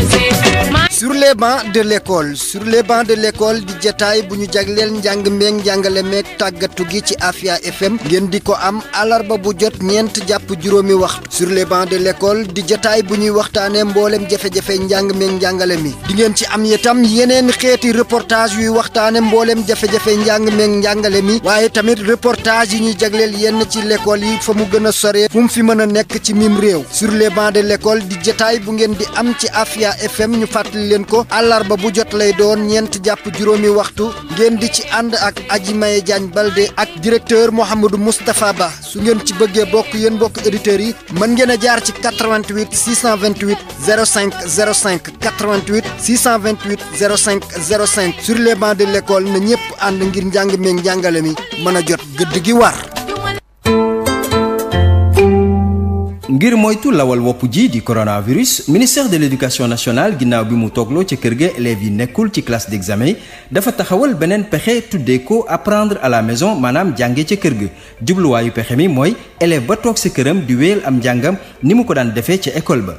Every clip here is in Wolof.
José. sur les bancs de l'école sur les bancs de l'école di jataay bu ñu jagleel njàng meeg njàngale meeg tàggatu gi ci Afia FM ngeen di ko am alarba bu jot ñeent jàpp juróomi wax sur les bancs de l'école di jataay bu ñuy waxtaanee mbooleem jafe-jafe njàng meeg njàngale mi di ngeen ci am itam yeneen xeeti reportage yuy waxtaane mbooleem jafe-jafe njàng meeg njàngale mi waaye tamit reportage yi ñuy jagleel yenn ci l'école yi fa mu gën a soree fu mu fi mën a nekk ci mim réew sur de l'école di jataay bu ngeen di am ci Afia FM leen ko àllarba bu jot lay doon ñeent jàpp juróomi waxtu ngeen di ci ànd ak Aji Maye Diagne Balde ak directeur Mouhamadou Moustapha Ba su ngeen ci bëggee bokk yéen bokk auditeurs yi mën ngeen a jaar ci 88 628 05 05 88 628 05 05 sur les de l'école na ñëpp ànd ngir njàng meeg njàngale mi mën a jot gëdd gi war ngir moytu lawal wopp jii di coronavirus ministère de l'éducation nationale ginnaaw bi mu toogloo ca kër ga élèves yi nekkul ci classe d'examen dafa taxawal beneen pexe tuddee ko apprendre à la maison maanaam jànge ca kër ga jubluwaayu pexe mi mooy élève ba toog sa këram di wéyal am njàngam ni mu ko daan defee ca école ba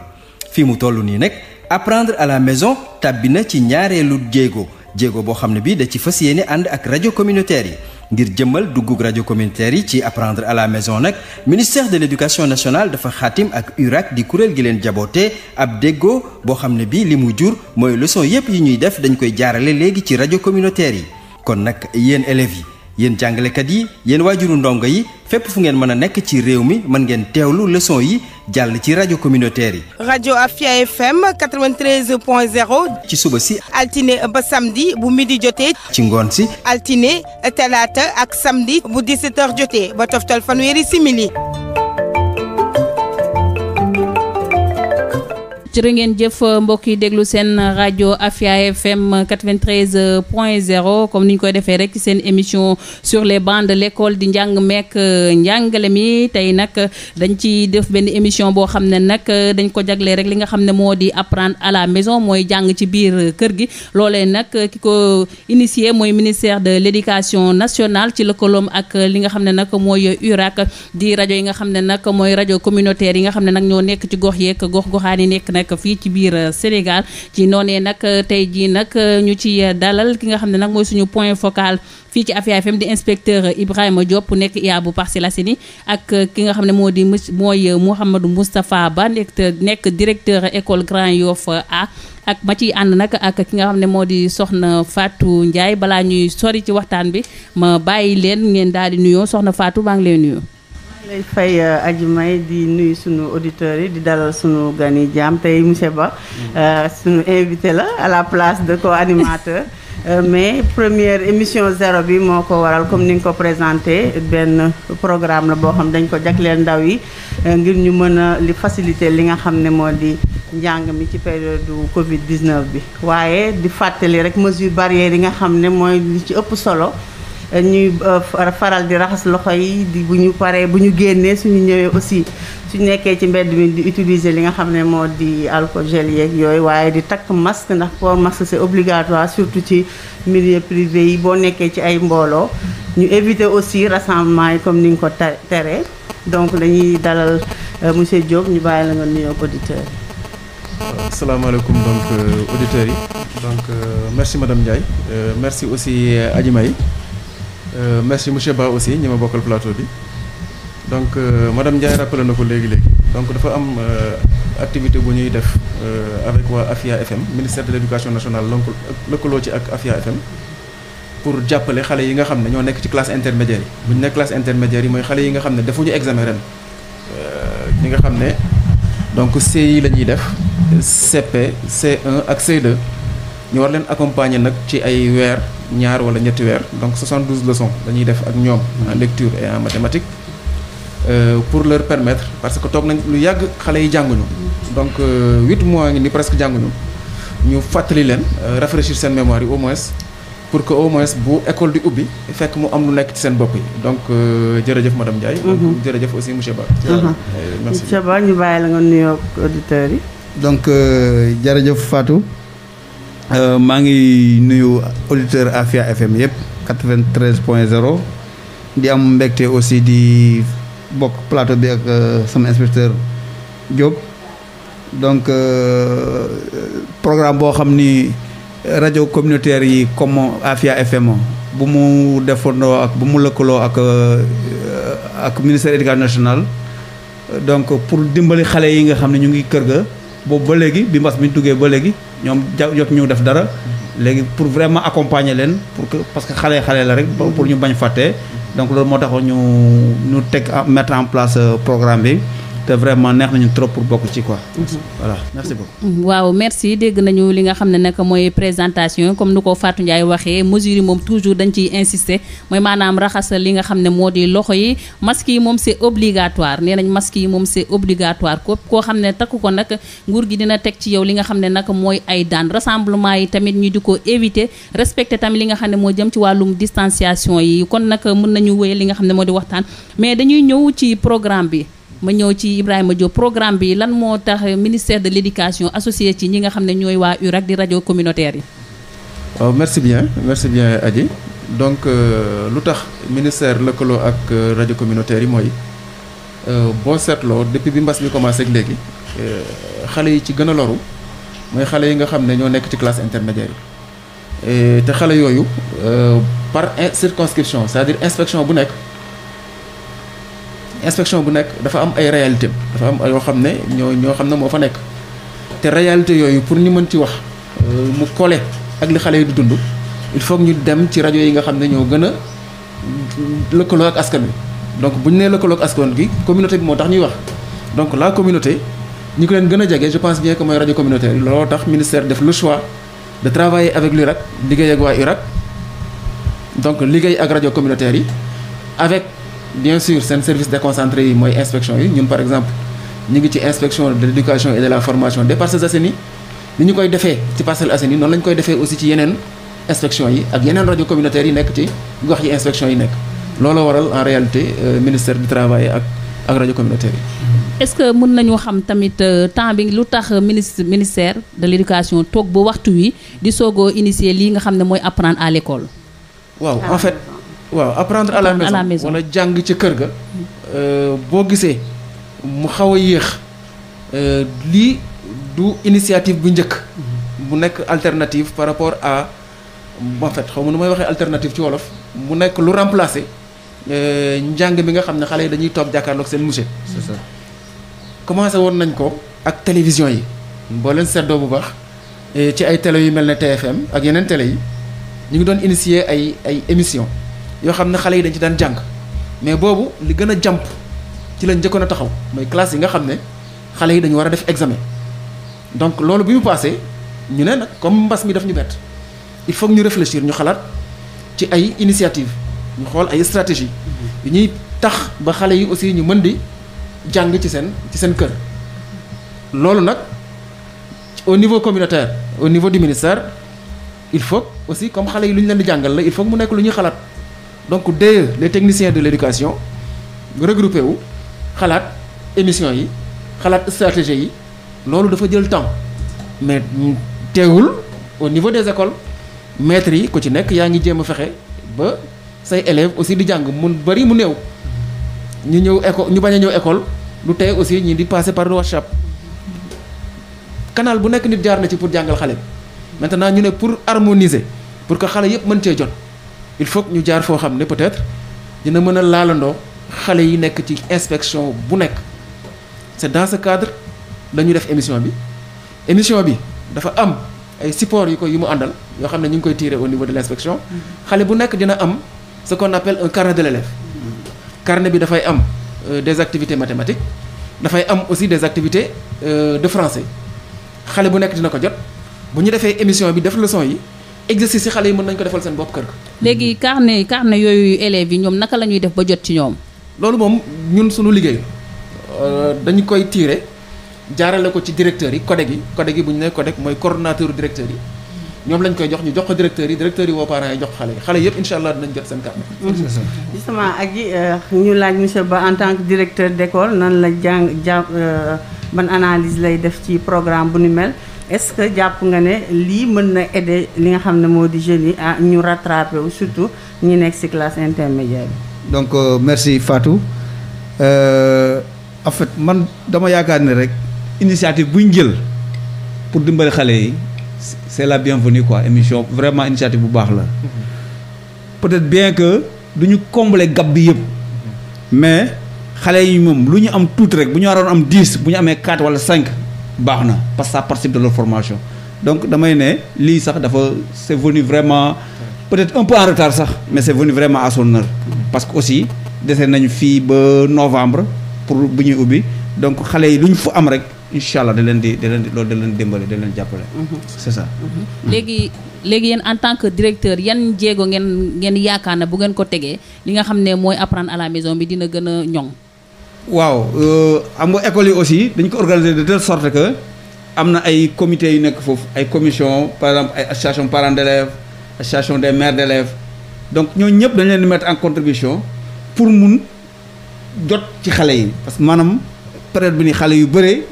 fii mu toll nii nag apprendre à maison tàbbi na ci ñaareelu jéego jéego boo xam ne bi da ci fas yéene ànd ak rajo communautaire yi ngir jëmmal duggug rajo communautaire yi ci apprendre à la maison nag ministère de l'éducation nationale dafa xaatim ak URAC di kuréel gi leen jaboote ab déggoo boo xam ne bii li mu jur mooy leçon yépp yi ñuy def dañu koy jaarale léegi ci rajo communautaire yi kon nag yéen élèves yi yéen jàngalekat yi yéen waajuru ndongo yi fépp fu ngeen mën a nekk ci réew mi mën ngeen teewlu leçon yi jàll ci rajo communautaire yi. rajo Afia FM 93.0. ci suba si. altine ba samedi bu midi jotee. ci ngoon si. altine talaata ak samdi bu di h jotee ba toftal fanweeri simili. jërë ngeen jëf mbokk yi déglu seen rajo Afia FM 93 point 0 comme ni ñu koy defee rek ci seen émission sur les bancs de l'école di njàng meek njàngale mi tey nag dañ ci def benn émission boo xam ne nag dañ ko jagle rek li nga xam ne moo di apprendre à maison mooy jàng ci biir kër gi loolee nag ki ko initié mooy ministère de l'éducation nationale ci lëkkaloom ak li nga xam ne nag mooy URAC di rajo yi nga xam ne nag mooy rajo communautaire yi nga xam ne nag ñoo nekk ci gox yeeg gox goxaan yi nekk nag fii ci biir euh, Sénégal ci noonee nag euh, tey jii nag euh, ñu ci dalal ki nga xam ne nag mooy suñu point focal fii ci Afia FM di inspecteur Ibrahima Diop nekk IA bu Parcelles Assainies ak ki nga xam ne moo di mooy Mouhamadou Moustapha Ba nekk nekk directeur école Grand Yoff A ak ma ciy ànd nag ak ki nga xam ne moo di soxna faatu Ndiaye balaa ñuy sori ci waxtaan bi ma bàyyi leen ngeen daal di nuyoo soxna faatu baa ngi lay nuyoo. lay fay euh, aji may di nuyu sunu auditeurs yi di dalal sunu gan yi jaam tey monsieur Ba mm-hmm. euh, sunu invité la à la place de co-animateur euh, mais première émission zéro bi moo ko waral comme ni nga ko présenté benn programme la boo xam dañ ko jagleel ndaw yi ngir ñu mën a li facilité li nga xam ne moo di njàng mi ci période Covid 19 bi waaye di fàttali rek mesure barrière yi nga xam ne mooy li ci ëpp solo ñuy euh, faral di raxas loxo yi di bu ñu paree bu ñu génnee suñu ñëwee aussi suñu nekkee ci mbedd mi di utiliser li nga xam ne moo di alcool gel yeeg yooyu waaye di takk masque ndax port masque c'est obligatoire surtout ci milieu privé yi boo nekkee ci ay mbooloo ñu éviter aussi rassemblement yi comme ni nga ko teree donc dañuy dalal euh, monsieur Diop ñu bàyyi la nga nuyoo auditeurs yi asalaamaaleykum donc euh, auditeurs yi donc merci madame Ndiaye merci aussi Adji May Euh, merci monsieur Ba aussi ñi ma bokkal plateau bi donc euh, madame Ndiaye na ko léegi-léegi donc dafa am euh, activité bu ñuy def euh, avec waa AFIA FM ministère de l' éducation nationale lënku lëkkaloo ci ak AFIA FM pour jàppale xale yi nga xam ne ñoo nekk ci classe intermédiaire yi bu ñu nekk classe intermédiaire yi mooy xale yi nga xam ne defuñu examen ren euh, ñi nga xam ne donc CI la ñuy def p C1 ak C2 ñu war leen accompagner nag ci ay weer ñaar wala ñetti weer donc 72 leçons dañuy def ak ñoom hmm. lecture et en mathématiques euh, pour leur permetre parce que toog nañ lu yàgg xale yi jànguñu hmm. donc euh, huit mois ngi ni presque jànguñu ñu fàttali leen euh, rafraîchir seen mémoire yi au moins pour que au moins bu école di ubbi fekk mu am lu nekk ci seen bopp yi donc jërëjëf madame Ndiaye. Hmm. donc jërëjëf aussi monsieur Ba. Uh-huh. merci monsieur Ba ñu bàyyi la nga nuyoog auditeurs yi. donc jërëjëf Fatou. Euh, maa ngi nuyu auditeur Afia FM yëpp 93 point 0 di am mbégte aussi di bokk plateau bi ak euh, sama inspecteur jóg donc euh, programme boo xam ni rajo communautaire yi comme Afia FM bu mu defandoo ak bu mu lëkkaloo ak ak ministère national donc pour dimbali xale yi nga xam ne ñu ngi kër ga. boobu ba léegi bi mbas bi ñu duggee ba léegi ñoom jot ñu def dara léegi pour vraiment accompagner leen pour que parce que xale xale la rek pour ñu bañ fàttee donc loolu moo taxoon ñu ñu teg mettre en place euh, programme bi te vraiment neex nañu trop pour bokk ci ko mhm. voilà merci beaucoup. Mhm. waaw merci dégg nañu li nga xam ne nag mooy présentation comme nu ko Fatou Ndiaye waxee mesures yi moom toujours dañ ciy insisté mooy maanaam raxas li nga xam ne moo di loxo yi masque yi moom c' obligatoire nee nañ masque yi moom c' est obligatoire ko koo xam ne takku ko nag nguur gi dina teg ci yow li nga xam ne nag mooy ay daan rassemblement yi tamit ñu di ko éviter respecter tamit li nga xam ne moo jëm ci wàllum distanciation yi kon nag mën nañu wéyal li nga xam ne moo di waxtaan mais dañuy ñëw ci programme bi. ma ñëw ci Ibrahima Diop programme bi lan moo tax ministère de l'éducation associé ci ñi nga xam ne ñooy waa URAC di rajo communautaire yi. waaw merci bien merci bien Adji donc euh, lu tax ministère lëkkaloo ak euh, rajo communautaire yi mooy euh, boo seetloo depuis bi mbas mi commencé ak léegi xale yi ci gën a loru mooy xale yi nga xam ne ñoo nekk ci classe intermédiaire yi te xale yooyu par circonscription c'est-à-dire inspection bu nekk. inspection bu nekk dafa am ay réalité dafa am yoo xam ne ñoo ñoo xam ne moo fa nekk te réalité yooyu pour ñu mën ci wax euh, mu kole ak li xale yi du dund il foog ñu dem ci rajo yi nga xam ne ñoo gën a lëkkaloo ak askan bi donc bu ñu nee lëkkaloo ak askan gi communauté bi moo tax ñuy wax donc la communauté ñu ko leen gën a jege je pense bien ko mooy rajo communautaire yi looloo tax ministère def le choix de travailler avec l'URAC liggéey ak waa URAC donc liggéey ak rajo communautaire yi avec bien sûr seen service déconcentré yi mooy inspection yi ñun par exemple ñu ngi ci inspection de l'éducation et de la formation des Parcelles Assainies ni ñu koy defee ci Parcelles Assainies noonu la ñu koy defee aussi ci yeneen inspection yi ak yeneen rajo communautaires yi nekk ci gox yi inspection yi nekk looloo waral en réalité euh, ministère du travail ak ak rajo communautaire yi. est-ce que mën nañu xam tamit euh, temps bi lu tax ministre ministère de l'éducation toog ba waxtu wi di soogoo initier lii nga xam ne mooy apprendre à waaw apprendre à la maison wala jàng ca kër ga euh, boo gisee mu xaw a yéex euh, lii du initiative bu njëkk bu mm-hmm. nekk alternative par rapport à en fait xaw ma nu may waxee alternative ci wolof mu nekk lu remplacer euh, njàng mi nga xam ne xale yi dañuy toog jàkkaarloog seen monsieur c'est commencé woon nañ ko ak télévision yi boo leen seddoo bu baax ci ay télé yu mel ne TFM ak yeneen télé yi ñu ngi doon initier ay ay émission yoo xam ne xale yi dañ ci daan jàng mais boobu li gën a jàmp ci lañ njëkkoon a taxaw mooy classe yi nga xam ne xale yi dañu war a def examen donc loolu bi mu passé ñu ne nag comme mbas mi daf ñu bett il faut ñu réfléchir ñu xalaat ci ay initiative ñu xool ay stratégie yu ñuy tax ba xale yi aussi ñu mën di jàng ci seen ci seen kër loolu nag au niveau communautaire au niveau du ministère il faut aussi comme xale yi lu ñu leen di jàngal la il faut nekk lu ñuy xalaat donc DE les technicien de l'éducation regroupé wu xalaat émission yi xalaat stratégie yi loolu dafa jël temps mais teewul au niveau des écoles maîtres yi ko ci nekk yaa ngi jéem a fexe ba say élèves aussi di jàng mun bari mu néew ñu ñëw école ñu bañ a ñëw école lu tey aussi ñi di passer par WhatsApp canal bu nekk nit jaar na ci pour jàngal xale bi maintenant ñu ne pour harmoniser pour que xale yëpp mën cee jot il faut ñu jaar foo xam ne peut-être dina mën a laalandoo xale yi nekk ci inspection bu nekk c'est dans ce cadre dañu def émission bi émission bi dafa am ay support yi ko yi mu àndal yoo xam ne ñu ngi koy tiire au niveau de l'inspection xale bu nekk dina am ce qu'on appelle un carnet de l'élève carnet bi dafay am euh, des activités mathématiques dafay am aussi des activités euh, de français xale bu nekk dina ko jot bu ñu defee émission bi def leçon yi exercice yi xale yi mën nañu ko defal seen bopp kër ga. léegi carnet carnet yooyu élèves yi ñoom naka lañuy def ba jot ci ñoom. loolu moom ñun suñu liggéey euh, dañu koy tiire jaarale ko ci directeurs yi codec yi codec yi bu ñu nee codec mooy coordonnateur directeur yi ñoom lañ koy jox ñu jox ko directeurs yi directeurs yi woo parents yi jox xale yi xale yëpp incha allah dinañ jot seen carnet. Mm-hmm. justement ak yi euh, ñu laaj monsieur Ba en tant que directeur d'école nan la jàng jàng euh, ban analyse lay def ci programme bu ni mel. est-ce que jàpp nga ne lii mën na aider li nga xam ne moo di jeunes yi ah ñu rattrapé wu surtout ñu nekk ci classe intermédiaire bi. donc euh, merci Fatou euh, en fait man dama yaakaar ne rek initiative bu ñu jël pour dimbali xale yi c'est la bienvenue quoi émission vraiment initiative bu baax la peut-être bien que du ñu combler gab bi yëpp mais xale yi moom lu ñu am tuuti rek bu ñu waroon am dix bu ñu amee quatre wala cinq. baax na parce que ça participe de leur formation donc damay ne lii sax dafa c'est venu vraiment peut-être un peu en retard sax mais c'est venu vraiment à son parce que aussi dese nañu fii ba novembre pour bu ñuy ubbi donc xale yi lu ñu fu am rek incha allah da leen di da leen di loolu da leen dimbale da leen jàppale. Mm-hmm. c'est ça. Mm-hmm. léegi léegi yéen en tant que directeur yan jéego ngeen ngeen yaakaar na bu ngeen ko tegee li nga xam ne mooy apprendre à la maison bi dina gën a ñoŋ. waaw euh, am nga école yi aussi dañ ko organiser de telle sorte que am na ay comités yu nekk foofu ay commission par exemple ay association parents d'élèves association des mères d'élèves donc ñooñu ñëpp dañ leen di mettre en contribution pour mun jot ci xale yi parce que maanaam période bi ni xale yu bëree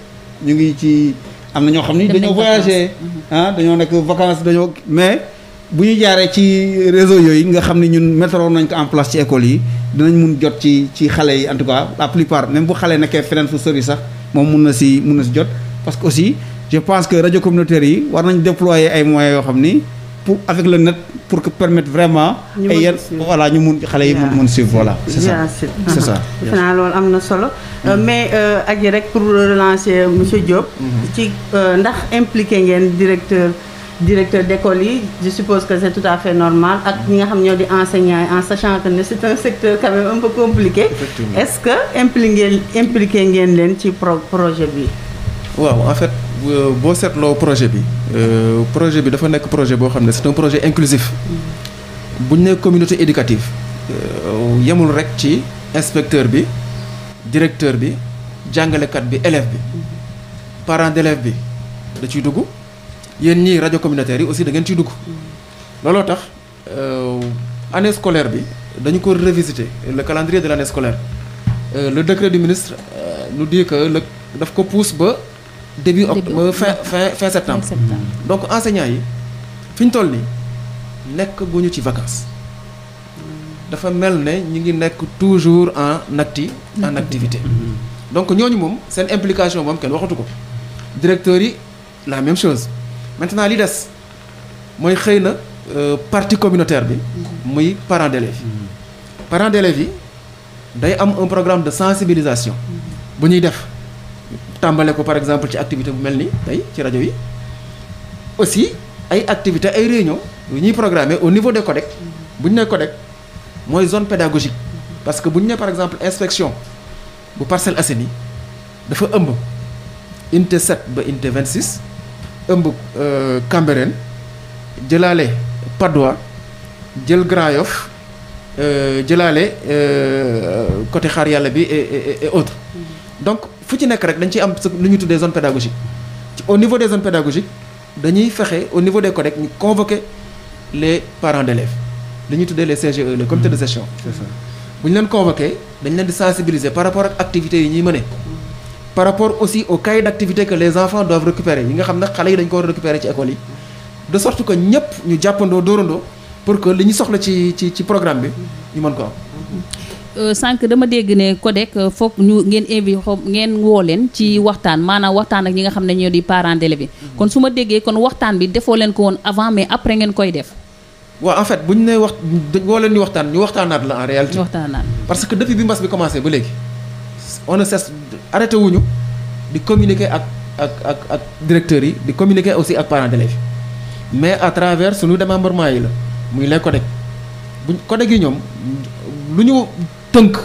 ñu ngi ci am na ñoo xam ni dañoo voyagé mhm. ah dañoo nekk vacances dañoo mais bu ñu jaaree ci réseau yooyu nga xam ne ñun mettre nañ ko en place ci école yi dinañ mun jot ci ci xale yi en tout cas la plupart même bu xale nekkee feneen fu sori sax moom mun na si mun na si jot. parce que aussi je pense que rajo communautaire yi war nañ déployer ay moyens yoo xam ni pour avec le net pour que permettre vraiment. ay yenn voilà ñu mun xale yi mun mun suivre voilà. c'est ça c'est ça. defe loolu am na solo. Euh, mm-hmm. mais euh, ak yi rek pour relancer euh, monsieur Diop. Mm-hmm. ci ndax impliqué ngeen directeur. directeur d'école yi je suppose que c'est tout à fait normal ak ñi nga xam ñoo di enseignants yi en sachant que ne c'est un secteur quand même un peu compliqué est-ce que impliqué ngeen leen ci pro projet bi waaw en fait euh, boo seetloo projet bi euh, projet bi dafa nekk projet boo xam ne c'est un projet inclusif bu ñu communauté éducative euh, yemul rek ci inspecteur bi directeur bi jàngalekat bi élève bi parent d'élève bi da ciy dugg yéen ñii rajo communautaire yi aussi da ngeen ciy dugg looloo tax euh, année scolaire bi dañu ko revisiter le calendrier de l' année scolaire euh, le décret du ministre euh, nous dit que le daf ko pousse ba début octobre fin fin fin septembre donc enseignants yi fi ñu toll nii nekk gu ñu ci vacances dafa mel ne ñu ngi nekk toujours en acti en activité mhm. donc ñooñu moom seen implication moom kenn waxatu ko directeurs yi la même chose maintenant li des mooy xëy na euh, partie communautaire bi. muy parents d'élèves yi. parents d'élèves yi day am un programme de sensibilisation. bu ñuy def tàmbale ko par exemple ci activité bu mel ni tey ci rajo yi aussi ay activités ay réunions yu ñuy programmer au niveau des codec bu ñu nee codec mooy zone pédagogique parce que bu ñu nee par exemple inspection bu Parcelles Assainies dafa ëmb unité 7 ba unité 26. ëmb euh, Cambérène jëlaale Patte jël Grand Yoff euh, jëlaale euh, côté xaar yàlla bi et et mm-hmm. donc fu ci nekk rek dañ ci am lu ñu tuddee zone pédagogique au niveau des zones pédagogiques dañuy fexe au niveau des codecs ñu convoquer les parents d'élèves li ñuy tuddee les CGE les comités de session mm-hmm. bu ñu leen convoquer dañu leen di sensibiliser par rapport ak activités yi ñuy mëne par rapport aussi au cahier d'activité que les enfants doivent récupérer yi nga xam ne xale yi dañ ko récupérer ci école yi de sorte que ñëpp ñu jàppandoo dóorandoo pour que li ñu soxla ci ci ci programme bi ñu man ko am. Euh, sànq dama dégg ne CODEC euh, fook ñu ngeen invité xaw ngeen woo leen ci waxtaan maanaam waxtaan ak ñi nga xam ne ñoo di parents d'élèves bi mm-hmm. kon su ma déggee kon waxtaan bi defoo leen ko woon avant mais après ngeen koy def. waa en fait bu ñu nee wax woo leen ñu waxtaan ñu waxtaanaat parce que depuis bi mbas commencé ba léegi. on ne cesse arrêté wuñu di communiquer ak ak ak ak directeurs yi di communiquer aussi ak parents d'élèves mais à travers suñu démembrement yi la muy les codec buñ codec yi ñoom lu ñu tënk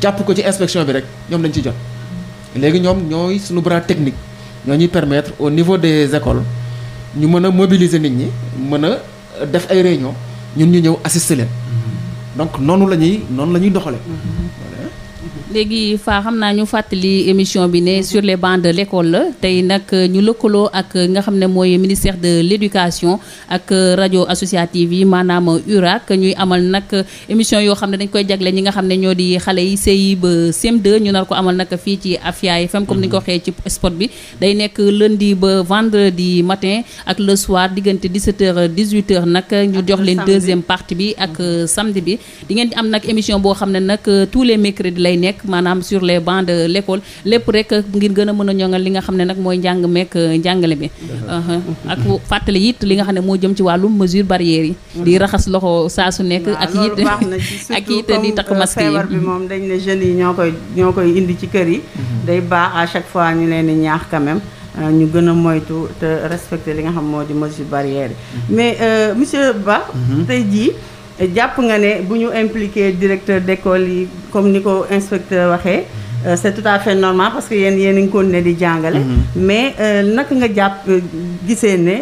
jàpp ko ci inspection bi rek ñoom dañ ci jot léegi ñoom ñooy suñu bras technique ñoo ñuy permettre au niveau des écoles ñu mën a mobiliser nit ñi mën a def ay réunion ñun ñu ñëw assister leen mm-hmm. donc noonu la ñuy noonu la ñuy doxalee mm-hmm. léegi faa xam naa ñu fàttali émission bi ne sur les bancs de l'école la tey nag ñu lëkkaloo ak nga xam ne mooy ministère de l'éducation ak rajo associative yi maanaam URAC ñuy amal nag émission yoo xam ne dañ koy jagle ñi nga xam ne ñoo di xale yi CI ba CM2 ñu nar ko amal nag fii ci Afia FM comme ni ñu ko waxee ci spot bi day nekk lundi ba vendredi matin ak le soir diggante 17h 18h nag ñu jox leen deuxième partie bi ak samedi bi di ngeen di am nag émission boo xam ne nag tous les mercredis lay nekk nekk maanaam sur les bancs de l' école lépp rek ngir gën a mën a li nga xam ne nag mooy njàng meek euh, njàngale bi ak fàttali it li nga xam ne moo jëm ci wàllum mesure barrière yi di raxas loxo saa su nekk ak it ak it di takk masque euh, yi feebar bi moom dañ ne jeunes yi ñoo koy ñoo koy indi ci kër yi mhm. day baax à chaque fois ñu leen ñaax quand même euh, ñu gën a moytu te respecter li nga xam moo di mesure barrière yi mhm. mais monsieur Ba mhm. tey jii jàpp nga ne bu ñu impliqué directeur d'école yi comme ni ko inspecteur waxee euh, c'est tout à fait normal parce que yen yéen a ngi continué di jàngale mm-hmm. mais euh, naka nga jàpp euh, gisee ne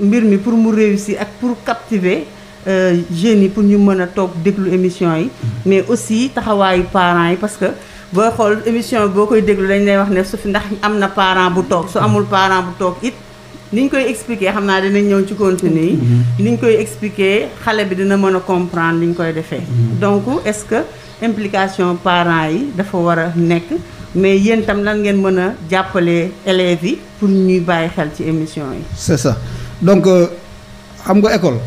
mbir mi pour mu réussir ak pour captiver jeunes yi pour ñu mën a toog déglu émission yi mm-hmm. mais aussi taxawaayu parent yi parce que booy xool émission boo koy déglu dañ lay wax ne su fi ndax am na parent bu toog su amul parent bu toog it niñ koy expliquer xam naa dinañ ñëw ci contenu yi. Mm-hmm. niñ koy expliquer xale bi dina mën a comprendre liñ koy defee. Mm-hmm. donc est-ce que implication parent yi dafa war a nekk mais yéen tam lan ngeen mën a jàppale élèves yi pour ñuy bàyyi xel ci émission yi. c'est ça donc euh, xam nga école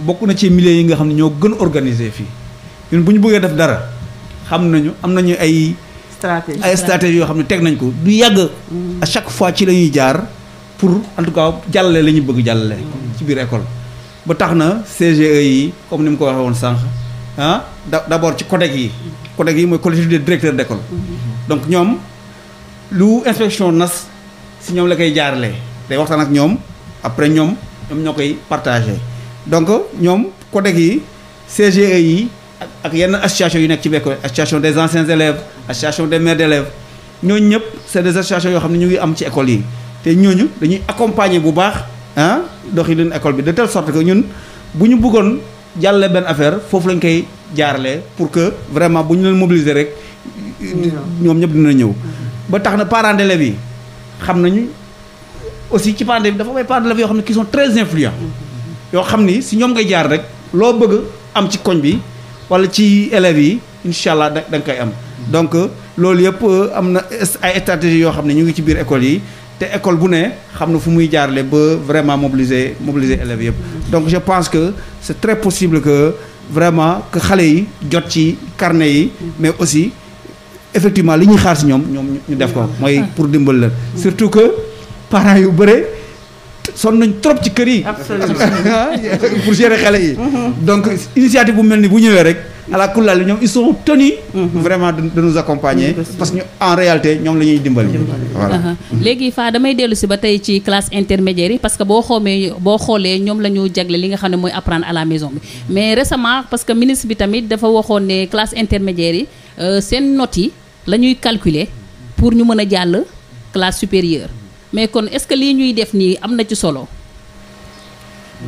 bokk na ci milieu yi nga xam ne ñoo gën organiser fii ñun bu ñu bëggee def dara xam nañu am nañu ay. stratégie ay stratégie yoo xam ne teg nañ ko du yàgg. Mm-hmm. à chaque fois ci la ñuy jaar. pour en tout cas jàllale la ñu bëgg jàllale. ci biir école ba tax na CGE yi comme ni mu ko waxee woon sànq ah d' abord ci CODEC yi. CODEC yi mooy collectivité directeur décole donc ñoom lu inspection nas si ñoom la koy jaarale day waxtaan ak ñoom après ñoom ñoom ñoo koy partagé donc ñoom CODEC yi CGE yi ak yenn association yu nekk ci biir école association des anciens élèves association des mères d' élèves ñooñu ñëpp c' est des associations yoo xam ne ñu ngi am ci école yi. te ñooñu dañuy accompagner bu baax ah leen école bi de telle sorte que ñun bu ñu bëggoon jàllale benn affaire foofu lañ koy jaarale pour que vraiment bu ñu leen mobiliser rek. ñoom ñëpp dina ñëw. ba tax na parents d'élèves yi xam nañu aussi ci parents d'élèves dafa may parents d'élèves yoo xam ne qui sont très influents yoo xam ni si ñoom ngay jaar rek loo bëgg am ci koñ bi wala ci élèves yi incha allah da nga koy am. donc loolu yëpp euh, am na ay stratégie yoo xam ne ñu ngi ci biir école yi. te école bu ne xam na fu muy jaarale ba vraiment mobiliser mobiliser élèves yëpp donc je pense que c' est très possible que vraiment que xale yi jot ci karne yi mais aussi effectivement li ñuy xaar si ñoom ñoom ñu def ko mooy pour dimbal la surtout que parents yu bëre son nañ trop ci kër yi pour gérer xale yi donc initiative bu mel ni bu ñëwee rek ala kulali ñoom ils sont tenus mhm. vraiment de nous parce que ñu en réalité ñoom la ñuy dimbali voilà uh-huh. léegi faa damay dellu si ba tey ci classe intermédiaire yi parce que boo xoomee boo xoolee ñoom la ñu jagle li nga xam ne mooy apprendre à la maison bi mais récemment parce que ministre bi tamit dafa waxoon ne classe intermédiaire yi euh, seen not yi la ñuy calculer pour ñu mën a jàll classe supérieure mais kon est-ce que lii ñuy def nii am na ci solo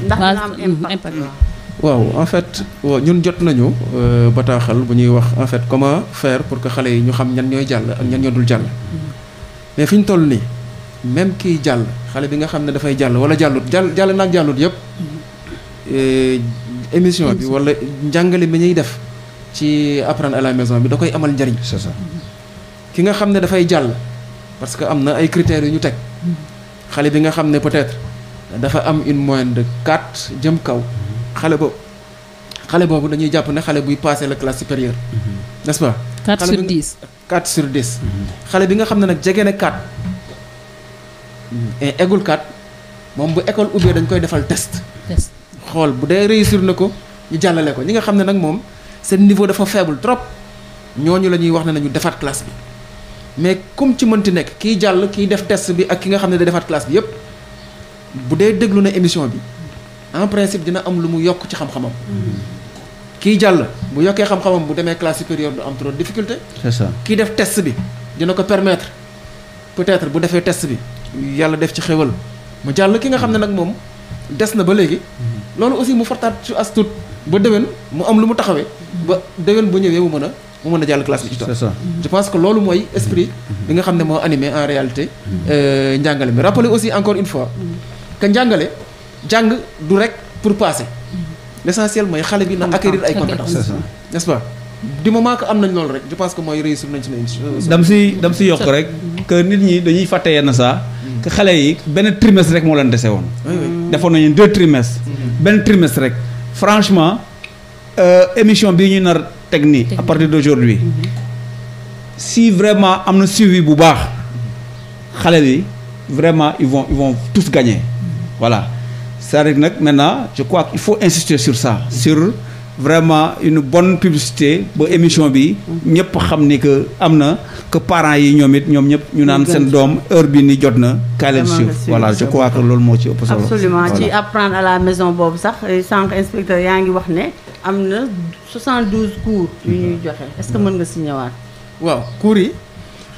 ndax dina am impact waaw en fait ñun jot nañu euh, bataaxal bu ñuy wax en fait comment faire pour que xale yi ñu xam ñan ñooy jàll ak ñan ñoo dul jàll. Mm-hmm. mais fi ñu toll nii même kiy jàll xale bi nga xam ne dafay jàll wala jàllut jàll jàll naag jàllut yëpp. Mm-hmm. Euh, émission bi wala njàngale bi ñuy def ci apprendre à la maison bi da koy amal njariñ. c'est ki nga xam ne dafay jàll parce que am na ay critères yu ñu teg mm-hmm. xale bi nga xam ne peut-être dafa am une moyenne de quatre jëm kaw. xale boobu xale boobu dañuy jàpp ne xale buy passé la classe supérieure mm-hmm. n'est-ce pas 4 sur 10 4 sur 10 mm-hmm. xale bi nga xam ne nag jege na 4 et eggul 4 moom bu école ubbee dañ koy defal test xool bu dee réussir na ko ñu jàllale ko ñi nga xam ne nag moom seen niveau dafa faible trop ñooñu la ñuy wax ne nañu defaat classe bi mais comme ci mënti nekk kiy jàll kiy def test bi ak ki nga xam ne day defaat classe bi yépp bu dee déglu na émission bi en principe dina am lu mu yokk ci xam-xamam. kii jàll bu yokkee xam-xamam bu demee classe supérieure du am trop de difficulté. kii def test bi dina ko permettre peut-être bu defee test bi yàlla def ci xéwal mu jàll ki nga xam ne nag moom des na ba léegi. loolu aussi mu fortaat ci as tuut ba déwén mu am lu mu taxawee. ba déwén bu ñëwee mu mën a mu mën a jàll classe bi ci toog. c'est je pense que loolu mooy esprit bi nga xam ne moo animé en réalité. Euh, njàngale bi rappeler aussi encore une fois que njàngale. jàng du rek pour passer mm-hmm. l'essentiel mooy xale bi na acquérir ay compétences n'est-ce pas du moment que am nañ loolu rek je que mooy réussir nañ suñu émission euh, dam si dam si yokk rek que nit ñi dañuy fàtte yenn saa mm-hmm. que xale yi benn trimestre rek moo leen dese woon defoon nañu deux trimestres mm-hmm. benn trimestre rek franchement euh, émission bii ñuy nar teg nii à partir d'aujourd'hui si vraiment am na suivi bu baax xale yi vraiment ils vont ils vont tous gagner voilà c'est-à-dire nag maintenant je crois qu'il faut insister sur ça sur vraiment une bon publicité ba émission bi ñëpp xam ni que am na que parent yi ñoom it ñoom ñëpp ñu naan seen doom heure bi ni jot na kaay leen suivre voilà je crois que loolu moo ci ëpp solo absolument ci apprendre à la maison boobu sax sànq inspecteur yaa ngi wax ne am na 72 cours yu ñuy joxe est que mën nga si ñëwaat waaw cours yi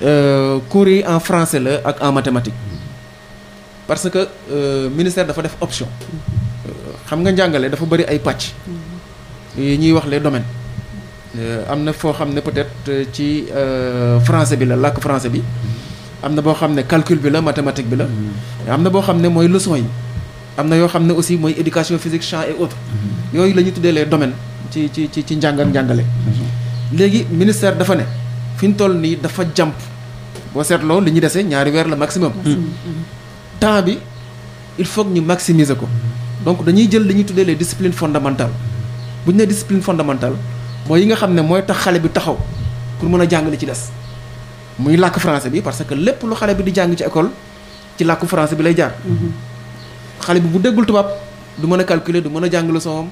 euh, cours yi en français la ak en mathématiques parce que euh, ministère dafa def option euh, xam nga njàngale dafa bëri ay pàcc mm-hmm. yi ñuy wax les domaines euh, am na foo xam ne peut-être ci français bi la làkk français bi mm-hmm. am na boo xam ne calcul bi la mathématique bi la mm-hmm. am na boo xam ne mooy leçon yi am na yoo xam ne aussi mooy éducation physique chant et autres yooyu la ñuy tuddee les domaines ci ci ci ci njàngal njàngale léegi ministère dafa ne fi ñu toll nii dafa jàmp boo seetloo li ñu desee ñaari weer la maximum temps bi il faut que ñu maximiser ko donc dañuy jël li ñuy tuddee les disciplines fondamentales bu ñu nee discipline fondamentale mooy yi nga xam ne mooy tax xale bi taxaw pour mën a jàng li ci des muy làkk français bi parce que lépp lu xale bi di jàng ci école ci làkku français bi lay jaar. xale bi bu déggul tubaab du mën a calculer du mën a jàng leçon am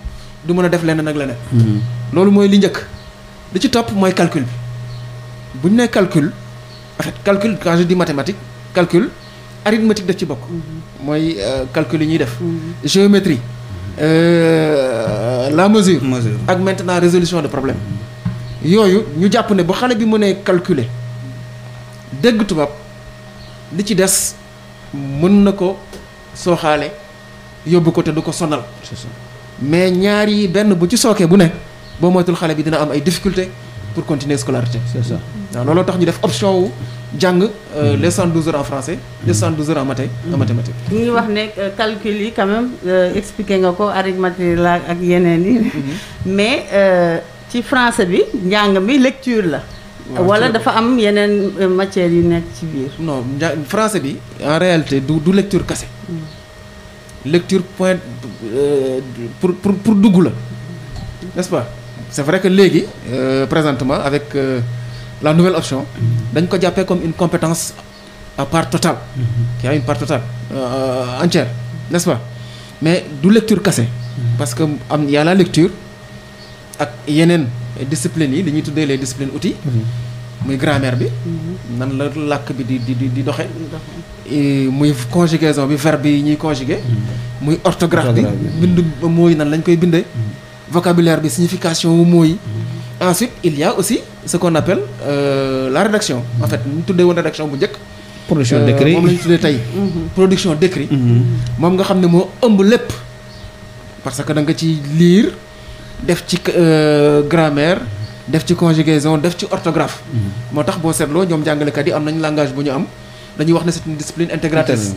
du mën a def leneen ak leneen. Mm-hmm. loolu mooy li njëkk li ci topp mooy calcule bi bu ñu nee calcul en fait calcul quand je arithmétique daf ci bokk. Mhm. mooy euh, calcul ñuy def. Mhm. géométrie. Mhm. Euh, la mesure. mesure ak maintenant résolution de problème. yooyu ñu jàpp ne bu xale bi mënee calculer dégg tubaab li ci des mën na ko sooxaale yóbbu ko te du ko sonal. mais ñaari benn bu ci sookee bu ne boo moytul xale bi dina am ay difficultés pour continuer scolarité. c'est waaw looloo tax ñu def option wu. jàng euh, hmm. les 72 heures en français les 72 heures en mathé en hmm. mathématique ñu ngi wax ne euh, calcul yi quand même euh, expliqué nga ko arithmétique la ak yeneen yi hmm. mais ci français bi njàng mi lecture la wala dafa am yeneen matière yu nekk ci biir non français bi en réalité du du lecture kase lecture point pour pour pour dugg la n'est-ce pas c'est vrai que léegi présentement avec la nouvelle option dañ ko jàppee comme une compétence à part totale mm-hmm. qui a une part totale euh, nest pas mais du lecture kase mm-hmm. parce que am y lecture ak yeneen discipline yi li ñuy tuddee les disciplines outils mm-hmm. muy grammaire bi nan la làkk bi di di di doxe muy conjugaison bi verbe yi ñuy conjuguer muy orthographe bi bindu mooy nan lañ koy binde vocabulaire bi signification wu mooy ensuite il y aussi ce qu'on appelle euh, la rédaction en fait ñu tuddee woon rédaction bu njëkk production euh, d'écrit moom la mhm. production d'écrit mhm. moom nga xam ne moo ëmb lépp parce que da nga ci lire def ci euh, grammaire def ci conjugaison def ci orthographe mhm. moo tax boo seetloo ñoom jàngalekat yi am nañu langage bu ñu am dañuy wax ne c'est une discipline intégratrice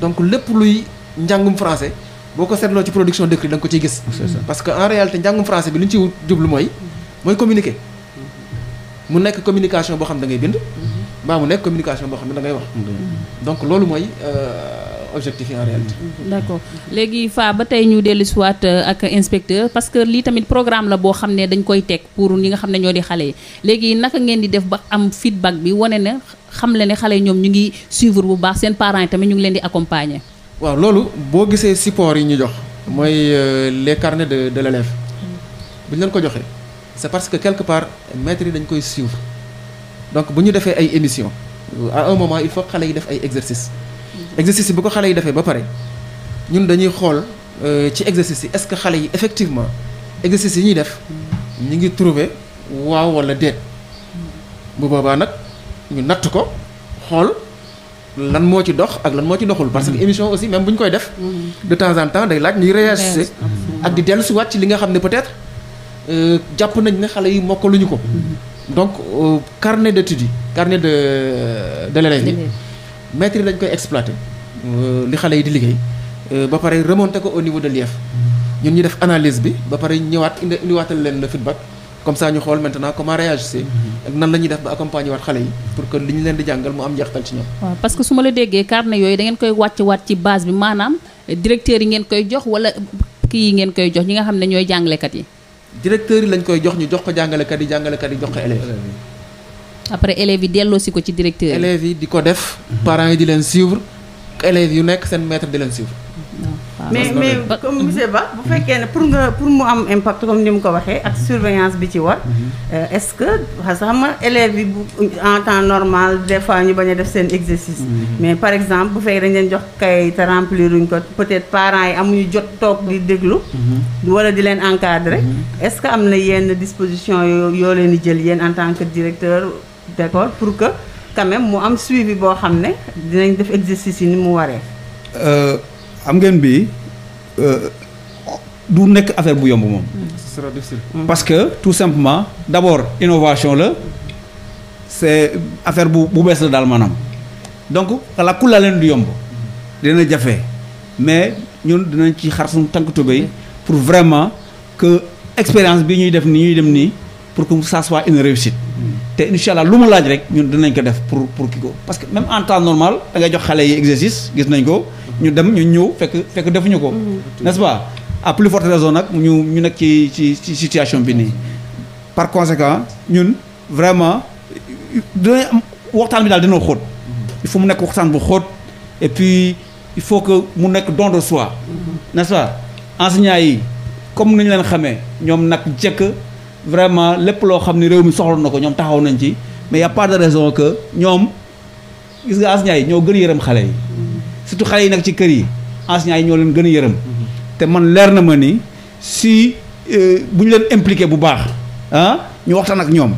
donc lépp luy njàngum français boo ko seetloo ci production d'écrit da nga ko ciy gis parce que en réalité njàngum français bi li ñu ci jublu mooy mooy communiquer mu nekk communication boo xam da ngay bind mbaa mu nekk communication boo xam ne da ngay wax donc loolu mooy euh, objectif yi en réalité d'accord léegi fa ba tey ñu dellu siwaat euh, ak inspecteur parce que lii tamit programme la boo xam ne dañ koy teg pour ñi nga xam ne ñoo di xale yi léegi naka ngeen di def ba am feedback bi wane na xam le ne xale yi ñoom ñu ngi suivre bu baax seen parent yi tamit ñu ngi leen di accompagner waaw loolu boo gisee support yi ñu jox mooy euh, les carnets de de l'élève mm. bu ñu ko joxee c'est parce que quelque part maîtres yi dañ koy suivre donc bu ñu defee ay émission à un moment il faut xale yi def ay exercice mm-hmm. exercice yi bu ko xale yi defee ba pare ñun dañuy xool euh, ci exercice yi est-ce que xale yi effectivement exercice yi ñuy def mm-hmm. ñu ngi trouver waaw walla déet mm-hmm. bu boobaa nag ñu natt ko xool lan moo ci dox ak lan moo ci doxul parce que émission aussi même bu ñu koy def de temps en temps day laaj ñuy réagir ak di dellusiwaat ci li nga xam ne peut-être Euh, jàpp nañ ne xale yi mokkaluñu ko. Mm-hmm. donc euh, carnet de yi carnet de de l'élève yi maître yi dañ koy exploiter euh, li xale yi di liggéey ba pare remonter ko au niveau de l'IEF mm-hmm. ñun ñu def analyse bi ba pare ñëwaat indi indiwaatal leen le feedback comme ça ñu xool maintenant comment réagir mm-hmm. ak nan la ñuy def ba accompagner xale yi pour que li ñu leen di jàngal mu am njeextal ci ñoom. waaw parce que su ma la déggee carnet yooyu da ngeen koy wàcc waat ci base bi maanaam directeur yi ngeen koy jox wala kii yi ngeen koy jox ñi nga xam ne ñooy jàngalekat yi. directeur yi lañ koy jox ñu jox ko jàngalekat yi jàngalekat yi jox ko élèves après élèves yi delloo si ko ci directeur yi. élèves yi di ko def. Mhm. parents yi di leen suivre élèves yu nekk seen maître di leen suivre. Ah, mais mais comme monsieur Ba bu fekkee ne pour nga pour mu am impact comme ni mu ko waxee ak surveillance bi ci war. Mhm. Euh, est-ce que xam nga élèves bu en temps normal des fois ñu bañ a def seen exercice. Mhm. mais par exemple bu fekkee dañ leen jox kay te remplir uñ ko peut-être parents yi amuñu jot toog di déglu. Mhm. wala di leen encadrer. est-ce que am na yenn disposition yoo yoo leen jël yéen en tant que directeur d'école pour que quand mu am suivi boo xam ne dinañ def exercice yi ni mu waree. Euh, xam ngeen bi euh, du nekk affaire bu yomb moom. Hmm. ce sera hmm. parce que tout simplement d' abord innovation la c' est affaire bu bu bees la daal maanaam donc ala kulla leen du yomb dina jafe mais ñun dinañ ci xar suñu tànk tubéy pour vraiment que expérience bi ñuy def ni ñuy dem nii. pour que ça soit une réussite te incha allah lu mu laaj rek ñun dinañ ko def pour pour kii ko parce que même en temps normal da ngay jox gis nañ ko ñu dem ñu ñëw fekk fekk defuñu ko mm-hmm. n'est-ce pas à plus forte raison nag ñu ñu nekk ci ci ci situation bi nii par conséquent ñun vraiment dinañ am waxtaan bi daal dina xóot mm-hmm. il mu nekk waxtaan bu xóot et puis il faut que mu nekk don de soi mm-hmm. n'est-ce pas enseignants yi comme ni leen xamee ñoom nag jekk vraiment lépp loo xam ne réew mi soxla na ko ñoom taxaw nañ ci mais y' a pas de raison que ñoom gis nga as ñoo gën a yërëm xale yi surtout xale yi nag ci kër yi as ñaay ñoo leen gën a yërëm te man leer na ma ni si euh, bu ñu leen impliqué bu baax ah ñu waxtaan ak ñoom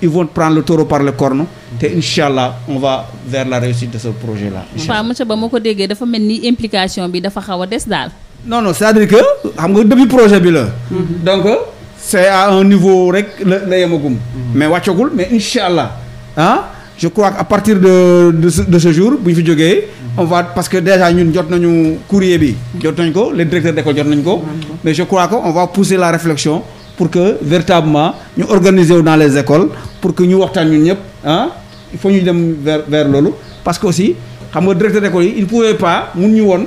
il vont prendre le taureau par les cornes te incha allah on va vers la réussite de ce projet la waaw monsieur Ba ma ko déggee dafa mel ni implication bi dafa xaw a des daal. non c'est-à-dire que xam nga bi la. Mm-hmm. c'est à un niveau rek la yemagum. Mhm. mais wàccagul mais incha allah ah je crois que à partir de de ce, jour bu ñu fi jógee. Mhm. on parce que déjà ñun jot nañu courrier bi. Mhm. jot nañ ko les directeurs d'école jot nañ ko. mais je crois que on va pousser la réflexion pour que véritablement ñu organiser wu dans les écoles pour que ñu waxtaan ñun ñëpp ah il faut ñu dem vers vers loolu parce que aussi xam nga directeur d'école yi il pouvait pas mun ñu woon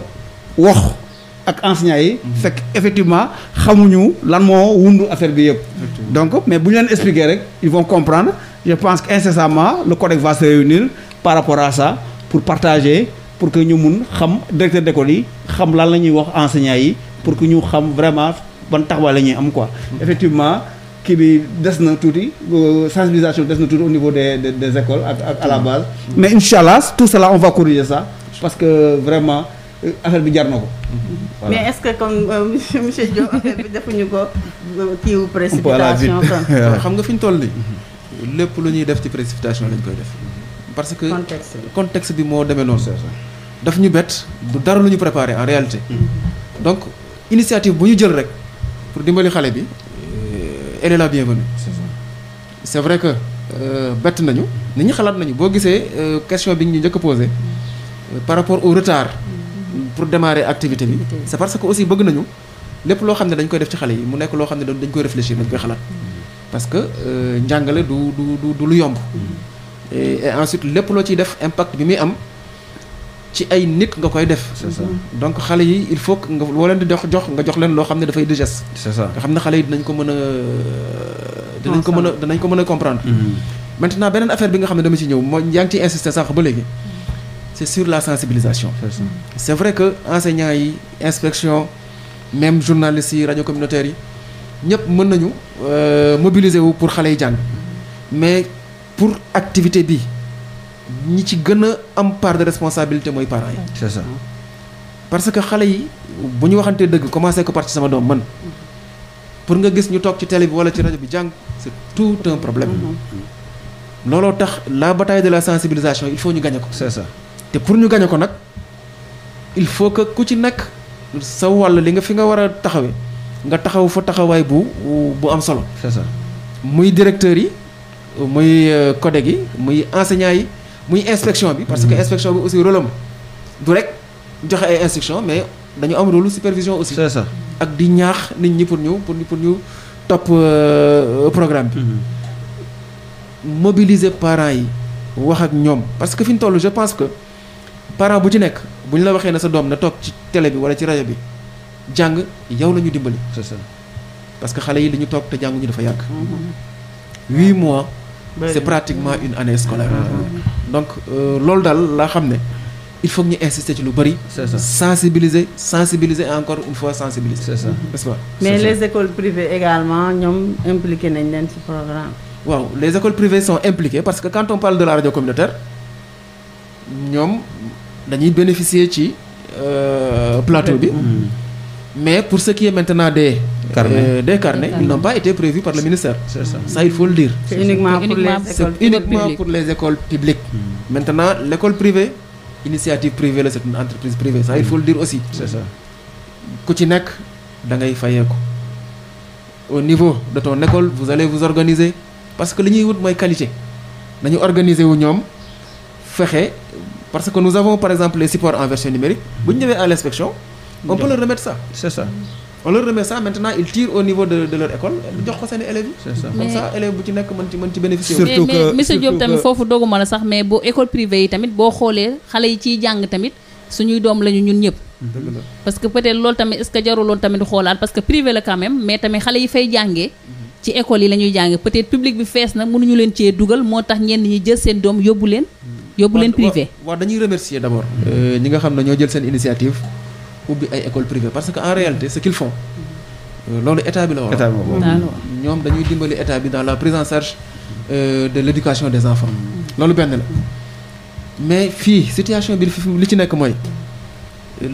wax. ak enseignants yi. fekk effectivement xamuñu lan moo wundu affaire bi yëpp. donc mais bu ñu leen expliquer rek il vont comprendre je pense que incessamment le CODEC va se réunir par rapport à ça pour partager pour que ñu mun xam directeur d'école yi xam lan la ñuy wax enseignants yi pour que ñu xam vraiment ban taxawaay la ñuy am quoi. effectivement kii bi des na tuuti euh, sensibilisation des na tuuti au niveau des des, des écoles ak à, à, la base. mais incha allah tout cela on va corriger parce que vraiment. affaire bi jar na ko. mais est ce que comme euh, monsieur Diop affaire bi defuñu ko euh, kii wu précipitation kon xam nga fi ñu toll nii lépp lu ñuy def ci précipitation lañ koy def. parce que contexte bi contexte bi moo demee noonu. daf ñu bett du dara lu ñu préparé en réalité. Mm-hmm. donc initiative bu ñu jël rek pour dimbali xale bi. Euh, elle est la bienvenue. c' est vrai que bett nañu. nit ñi xalaat nañu boo gisee question bi ñu njëkk a posé. par rapport au retard. pour démarrer activité bi c'est parce que aussi bëgg nañu lépp loo xam ne dañ koy def ci xale yi mu nekk loo xam ne dañ koy mm-hmm. que euh, njàngale du du du lu yomb mm-hmm. et ensuite lépp loo ciy def impact bi muy am ci ay nit nga koy def mm-hmm. donc xale yi il faut que nga loo leen di jox jox nga jox leen loo xam ne dafay digeste c'est ça ne xale yi dinañ ko mën a dinañ ko mën a dinañ ko mën a comprendre maintenant beneen affaire bi nga xam ne dama ci ñëw moo yaa ngi ciy insister sax ba léegi c'est sur la sensibilisation c'est vrai que enseignants yi inspection même journalistes yi rajo communautaire yi ñëpp mën nañu euh, mobiliser wu pour xale yi jàng mais pour activité bi ñu ci gën a am part de responsabilité mooy parents yi c'est ça parce que xale yi bu ñu waxantee dëgg commencé ko part ci sama doom man pour nga gis ñu toog ci télé bi wala ci rajo bi jàng c'est tout un problème mm-hmm. looloo tax la bataille de la sensibilisation il faut ñu gagner ko c'est te pour ñu gañe ko nag il faut que ku ci nag sa wàll li nga fi nga war a taxawee nga taxaw fa taxawaay bu bu am solo. c'est ça muy directeurs yi muy euh, codec gi muy enseignants yi muy inspection bi. parce que mm. inspection bi aussi rôle am du rek joxe ay instructions mais dañu am rôle supervision aussi. c'est ça ak di ñaax nit ñi pour ñu pour ñu pour ñu topp euh, programme bi. Mm-hmm. mobiliser parent yi wax ak ñoom parce que fi ñu je pense que. parent bu ci nekk bu ñu la waxee ne sa doom na toog ci télé bi wala ci rajo bi jàng yow la ñu dimbali. c'est ça parce que xale yi li ñu toog te jànguñu dafa yàgg. Mm-hmm. huit mois. c'est pratiquement une année scolaire. Mm-hmm. donc euh, loolu daal laa xam ne il faut ñu insister ci lu bari. c'est ça sensibiliser sensibiliser encore une fois sensibiliser. c'est ça mm-hmm. n'est-ce pas. mais les écoles privées également ñoom impliqué nañ leen ci programme. waaw les écoles privées sont impliquées parce que quand on parle de la radio communautaire ñoom. dañuy bénéficier ci euh, plateau bi. Mmh. mais pour ce qui est maintenant des. carnets euh, des carnets ils n'ont été prévus par le ministère. c'est ça ça il faut le dire. c'est uniquement pour les écoles uniquement pour mmh. initiative privée la c'est une entreprise privée ça il faut le aussi. ku ci nekk da ngay fayeeku au niveau de ton école vous allez parce que li ñuy wut mooy qualité nañu organiser wu ñoom fexe parce que nous avons par exemple les supports en version numérique bu ñu ñëwee à l'inspection on peut leur remettre ça c'est ça on leur remet ça maintenant ils tirent au niveau de de leur école jox ko seen élèves yi. c'est ça comme ça élèves bu ci nekk mën ci mën ci bénéficier surtout que mais monsieur Diop tamit foofu doguma la sax mais bu école privée yi tamit boo xoolee xale yi ciy jàng tamit suñuy doom lañu ñun ñëpp. parce que peut-être loolu tamit est-ce que jaruloon tamit xoolaat parce que privé la quand même mais tamit xale yi fay jàngee. ci école yi la ñuy jàngee peut-être public bi fees na mënuñu leen cee dugal moo tax ñenn ñi jël seen doom yóbbu leen. yóbbu leen privé waaw dañuy remercier d' abord euh, ñi nga xam ne ñoo jël seen initiative ubbi ay école privée parce que en réalité ce qu'ils font euh, loolu état bi la war ñoom dañuy dimbali état bi dans la prise en charge euh, de l' des enfants loolu benn la mais fii situation bi li ci nekk mooy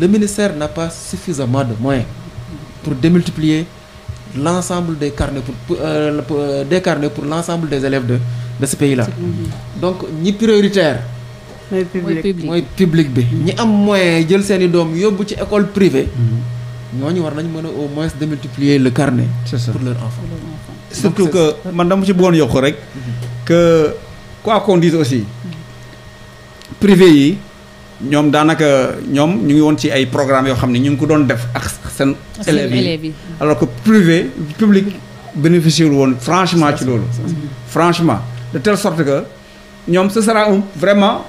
le ministère n'a pas suffisamment de moyens pour démultiplier l'ensemble des carnets pour, pour, euh, pour des carnets pour l'ensemble des élèves de de ce pays-là. Donc ñi prioritaire mooy public mooy public bi. ñi am moyen jël seeni doom yóbbu ci école privée. Mm-hmm. ñooñu war nañ mën a au moins démultiplier le carnet. c'est ça pour leur surtout que man dama ci bëggoon yokk rek. Mm-hmm. que quoi qu'on aussi. Mm-hmm. privé yi ñoom daanaka ñoom ñu ngi woon ci ay programmes yoo xam ne ñu ngi ko doon def ak seen. élèves yi alors que privé public bénéficié woon franchement ci loolu. franchement de telle sorte ñoom ce sera un vraiment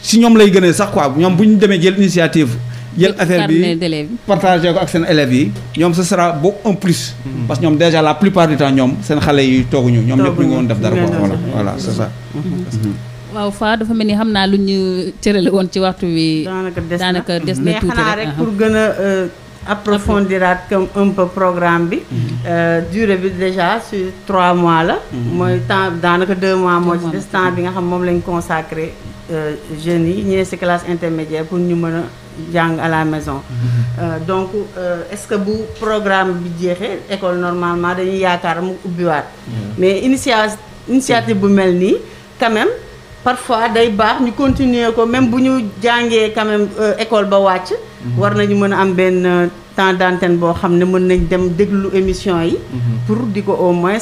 si ñoom lay gënee sax quoi ñoom bu ñu demee jël initiative. jël affaire bi partagé ko ak seen élèves yi. ñoom ce sera beaucoup un plus. Mm-hmm. parce que ñoom déjà la plupart du temps ñoom seen xale yi tooguñu. ñoom ñëpp ñu ngi woon def dara quoi voilà voilà c'est ça. Mm-hmm. Mm-hmm. waaw Fa dafa mel ni xam naa lu ñu cërale woon ci waxtu wi. daanaka des na tuuti rek mais xanaa rek pour gën a euh, approfondiraat comme un peu programme bi. Mhm. Euh, dure bi déjà sur trois mois la. Mhm. mooy temps daanaka deux mois moo ci des temps bi nga xam moom lañ consacré euh, jeunes yi ñu ne si classe intermédiaire pour ñu mën a jàng à la maison. Mhm. Euh, donc est-ce que bu programme bi jeexee école normalement dañuy yaakaar mu ubbiwaat. mais initiative initiative bu mel nii quand même. parfois day baax ñu continuer ko même bu ñu jàngee quand même école ba wàcc war nañu mën a am benn euh, temps d'antenne boo xam ne mën nañ dem déglu émission yi. Mhm. pour di ko au moins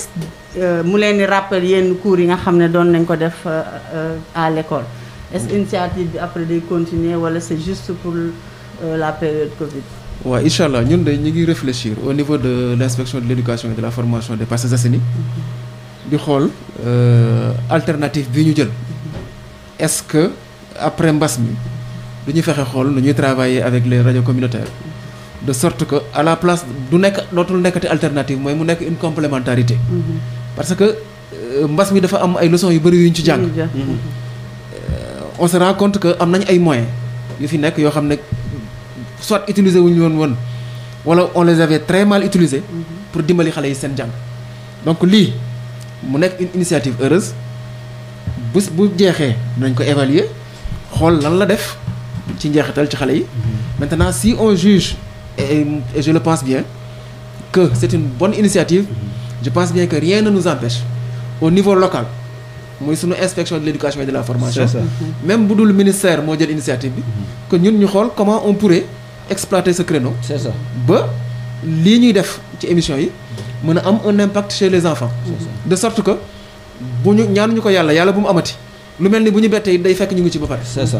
euh, mu leen di rappel yenn cours yi nga xam ne doon nañ ko def euh, à l'école. est mhm. initiative bi après day continuer wala c'est juste pour la période Covid. waaw incha ñun de ñu ngi réfléchir au niveau de l'inspection de l'éducation et de la formation des Parcelles Assainies mhm. di xool alternative bi ñu jël est-ce que après mbas mi. dañuy fexe xool nu ñuy travailler avec les radios communautaires de sorte que à la place du nekk dootul nekkati alternative mooy mu nekk une complémentarité mm-hmm. parce que euh, mbas mi dafa am ay leçons yu bëri yu ñu ci jàng mm-hmm. euh, on se rend que am nañ ay moyens yu fi nekk yoo xam ne soit utiliser wuñ woon woon wala on les avait très mal utilisés mm-hmm. pour dimbali xale yi seen jàng donc lii mu nekk une initiative heureuse bu bu jeexee nañ ko évaluer xool lan la def ci njeexital ci xale yi. maintenant si on juge et, et je le pense bien que c'est une bonne initiative. je pense bien que rien ne nous empêche au niveau local muy sunu inspection de l'éducation et de la formation. c'est ça. même bu dul ministère moo jël initiative bi. que ñun ñu xool comment on pourrait exploiter ce créneau. ba lii ñuy def ci émission yi mën a am un impact chez les enfants. de sorte que bu ñu ñaanu ñu ko yàlla yàlla bu mu amati. lu mel ni bu ñu bettee it day fekk ñu ngi ci ba pare. c'est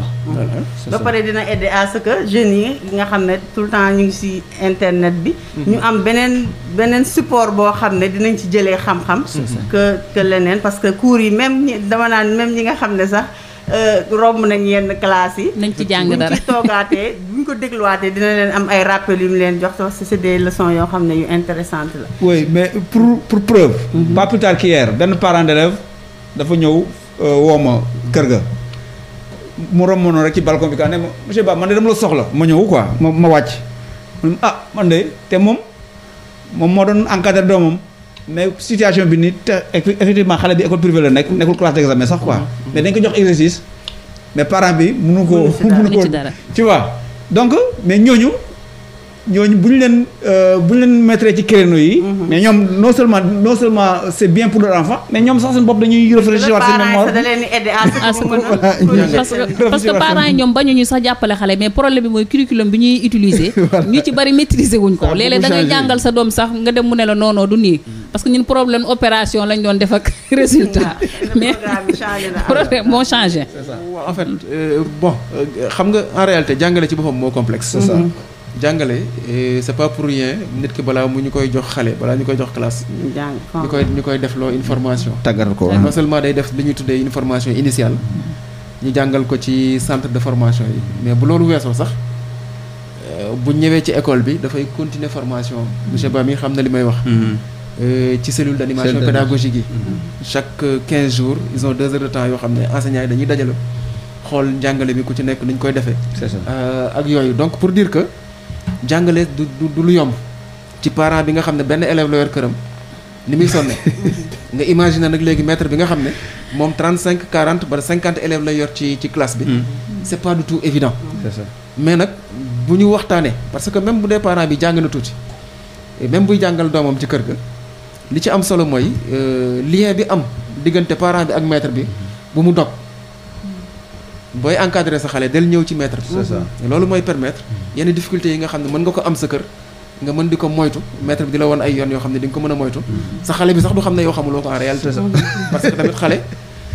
ba pare dina aider à ce que jeunes yi nga xam ne tout le temps ñu ngi ci internet bi. Mhm. ñu am beneen beneen support boo xam ne dinañ ci jëlee xam-xam. que que leneen parce que cours yi même ñi dama naan même ñi nga xam ne sax euh, romb nañ yenn classes yi. nañ ci jàng dara buñ ci toogaatee buñ ko dégluwaatee dina leen am ay rappel yu mu leen jox te c'est des leçons yoo xam ne yu intéressantes la. oui mais pour pour preuve. Mhm. pas plus benn parent dafa ñëw. Euh, woo ma kër ga mu romb noonu rek ci balcon bi kaa ne ma monsieur Ba man de dama la soxla ma ñëw quoi ma ma wàcc mu ne ah man de te moom moom moo doon encadré doomam mais situation bi ni te effectivement xale bi école privée la nekk nekkul classe d'examen sax quoi mm-hmm. mais dañ ko jox exercice mais parent bi mënu ko mënu ko tu vois donc mais ñooñu ñooñu bu ñu leen euh, bu leen mettre ci créneau yi. Mhm. mais ñoom non seulement non seulement c' est bien pour leur enfant mais ñoom sax seen bopp dañuy réfléchir waat seen mémoire da yi ñoom bañu ñu sax jàppale xale mais problème bi mooy curriculum bi ñuy utiliser ñu ci bari maîtriser ko léeg-léeg da ngay jàngal sa doom sax nga dem mu ne la noonoo du nii mm. parce que ñun problème opération lañ doon def ak résultat mais problème moo changé waaw euh, bon euh, xam nga en réalité jàngale ci boppam moo complexe c'est jàngale c'est pas pour rien nit ki balaa mu ñu koy jox xale balaa ñu koy jox classe. ñu koy ñu koy defloo une formation. tàggat ko non seulement day def li ñuy tuddee une formation ñu jàngal ko ci centre de formation yi mais bu loolu weesoo sax euh, bu ñëwee ci école bi dafay continuer formation monsieur Ba mi xam na li may wax. Mm-hmm. Euh, ci cellule d'animation pédagogique yi. Mm-hmm. chaque euh, quinze jours ils ont deux heures yoo xam ne enseignants yi dañuy dajale xool njàngale bi ku ci nekk nu ñu koy defee. ak yooyu donc pour dire que. jàngale du du lu yomb ci parent bi nga xam ne benn élève la yor këram ni muy sonne nga imaginer nag léegi maître bi nga xam ne moom trente cinq quarante ba cinquante élèves lay yor ci ci classe bi. Mm. c' est pas du tout évident. mais nag bu ñu waxtaanee parce que même bu dee parent bi jàng na tuuti même buy jàngal doomam ci kër ga li ci am solo mooy euh, lien bi am diggante parent bi ak maître bi bu mu dog booy encadrer sa xale del ñëw ci maître. c'est loolu mooy permettre yenn difficultés yi nga xam ne mën nga ko am sa kër. nga mën di ko moytu maître bi di la woon ay yoon yoo xam ne di nga ko mën a moytu. Mm-hmm. sa xale bi sax du xam ne yoo xamuloo ko en réalité. parce que tamit xale.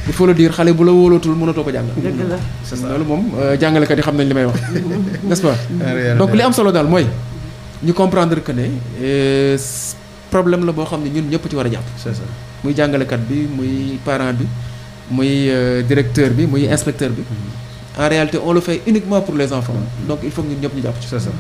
il faut le xale bu la wóolootul mënatoo ko jàng. dëgg la loolu moom euh, jàngalekat yi xam nañ li may wax mm-hmm. n'est-ce pas. donc li am solo daal mooy. ñu comprendre que ne euh, problème la boo xam ne ñun ñëpp ci war a jàpp. c'est ça muy jàngalekat bi muy parent bi. muy euh, directeur bi muy inspecteur bi mm-hmm. en réalité on le fait uniquement pour les enfants mm-hmm. donc il faut que ñun ñëpp ñu jàpp ci. c'est ça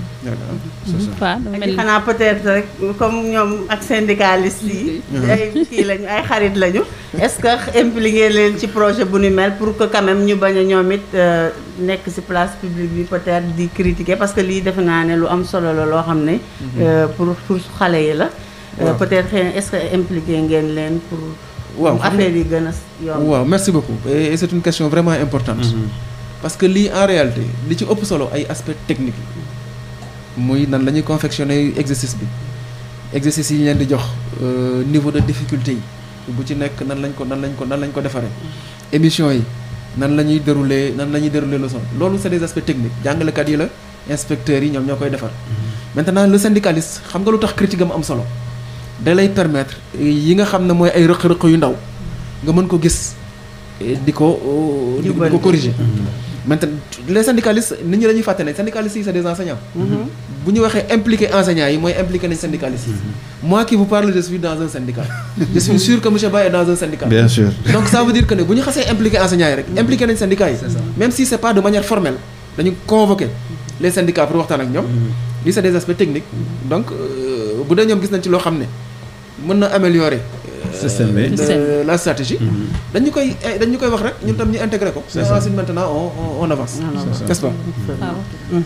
waaw xanaa peut-être rek comme ñoom ak syndicalistes yi. Mm-hmm. ay kii lañu ay xarit lañu. est-ce que impliqué leen ci projet bu ni mel pour que quand même ñu bañ a ñoom it euh, nekk ci place publique bi peut-être di critiquer parce que lii defe naa ne lu am solo la loo xam ne. Euh, pour pour xale yi la. peut-être est-ce que impliqué ngeen leen pour. waaw affaire yi gën a waaw merci beaucoup et c'est une question vraiment importante mm-hmm. parce que lii en réalité li ci ëpp solo ay aspect technique muy nan la ñuy confectionner exercice bi exercice yi leen di jox euh, niveau de difficulté yi bu ci nekk nan lañ ko nan lañ ko nan lañ ko defaree émission yi nan la ñuy dérouler nan la ñuy dérouler leçon loolu c'est des aspects techniques jàngalekat yi la inspecteurs yi ñoom ñoo koy defar mm-hmm. maintenant le syndicaliste xam nga lu tax critique am am solo da lay permettre eh, yi nga xam ne mooy ay rëq-rëq yu ndaw nga mën ko gis eh, di ko oh, di ko corriger mm-hmm. maintenant les syndicalistes nit ñi dañuy fàtte ne syndicalistes yi c'est des enseignants mm-hmm. bu ñu waxee impliqué enseignants yi mooy impliqué nañ syndicalistes yi mm-hmm. moi qui vous parle je suis dans un syndicat je suis sûr que monsieur Ba est dans un syndicat bien sûr donc ça de manière formelle dañu convoqué les syndicats pour waxtaan ak ñoom li c'est des aspects techniques donc euh, bu gis nañ ci loo xam ne mën na améliorer. Euh, système bi la stratégie. Mhm. dañu koy eh, dañu koy wax rek ñu tam ñu intégré ko. c'est ça maintenant on on avance. n'est-ce pas. waaw mhm.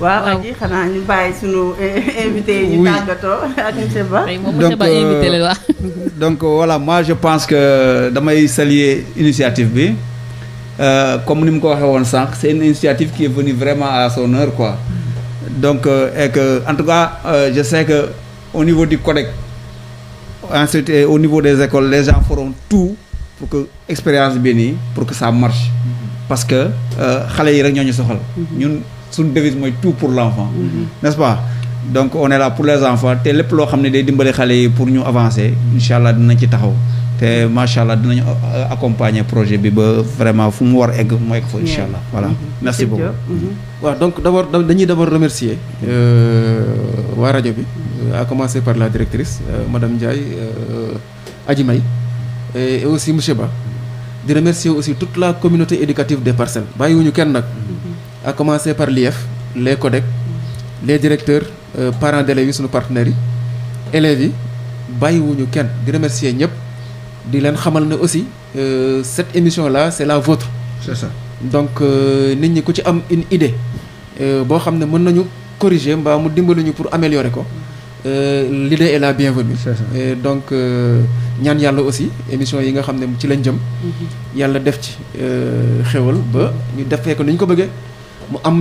waaw xanaa ñu bàyyi sunu eh, eh, invité yi ñu tàggatoo ak monsieur Ba. ba euh, donc voilà moi je pense que damay saluer initiative bi euh, comme ni mu ko waxee woon sànq c'est initiative qui est venue vraiment à son heure quoi donc euh, et que en tout cas euh, je sais que au niveau du CODEC. ensuite au niveau des écoles les gens feront tout pour que expérience bi nii pour que ça marche parce que euh, xale yi rek ñoo ñu soxal ñun suñu devise mooy tout pour l'enfant n'est-ce pas donc on est pour les enfants te lépp loo xam ne day dimbali xale yi pour ñu avancer incha allah dinañ ci taxaw te macha allah dinañu euh, euh, accompagner projet bi ba vraiment fu mu war egg mu egg fa incha allah voilà mm-hmm. merci beaucoup mm-hmm. Mm-hmm. waaw donc d'abord dañuy d'abord remercier euh, waa rajo bi à commencer par la directrice madame Ndiaye Adji May et aussi monsieur Ba di remercier aussi toute la communauté éducative des parcelles bàyyiwuñu kenn nag a commencer par l'IEF les CODEC les directeurs parents d'élèves yi suñu partenaires yi élèves yi bàyyiwuñu kenn di remercier ñëpp di leen xamal ne aussi euh, cette émission la c'est la vôtre. c'est ça donc euh, nit ñi ku ci am une idée euh, boo xam ne mën nañu corriger mbaa mu dimbali ñu pour améliorer ko l'idée et la bienvenue. c'est ça et donc ñaan yàlla aussi émission yi nga xam ne ci lañ jëm. Mhm. yàlla def ci xéwal ba ñu defee ko ni ñu ko bëggee. mu am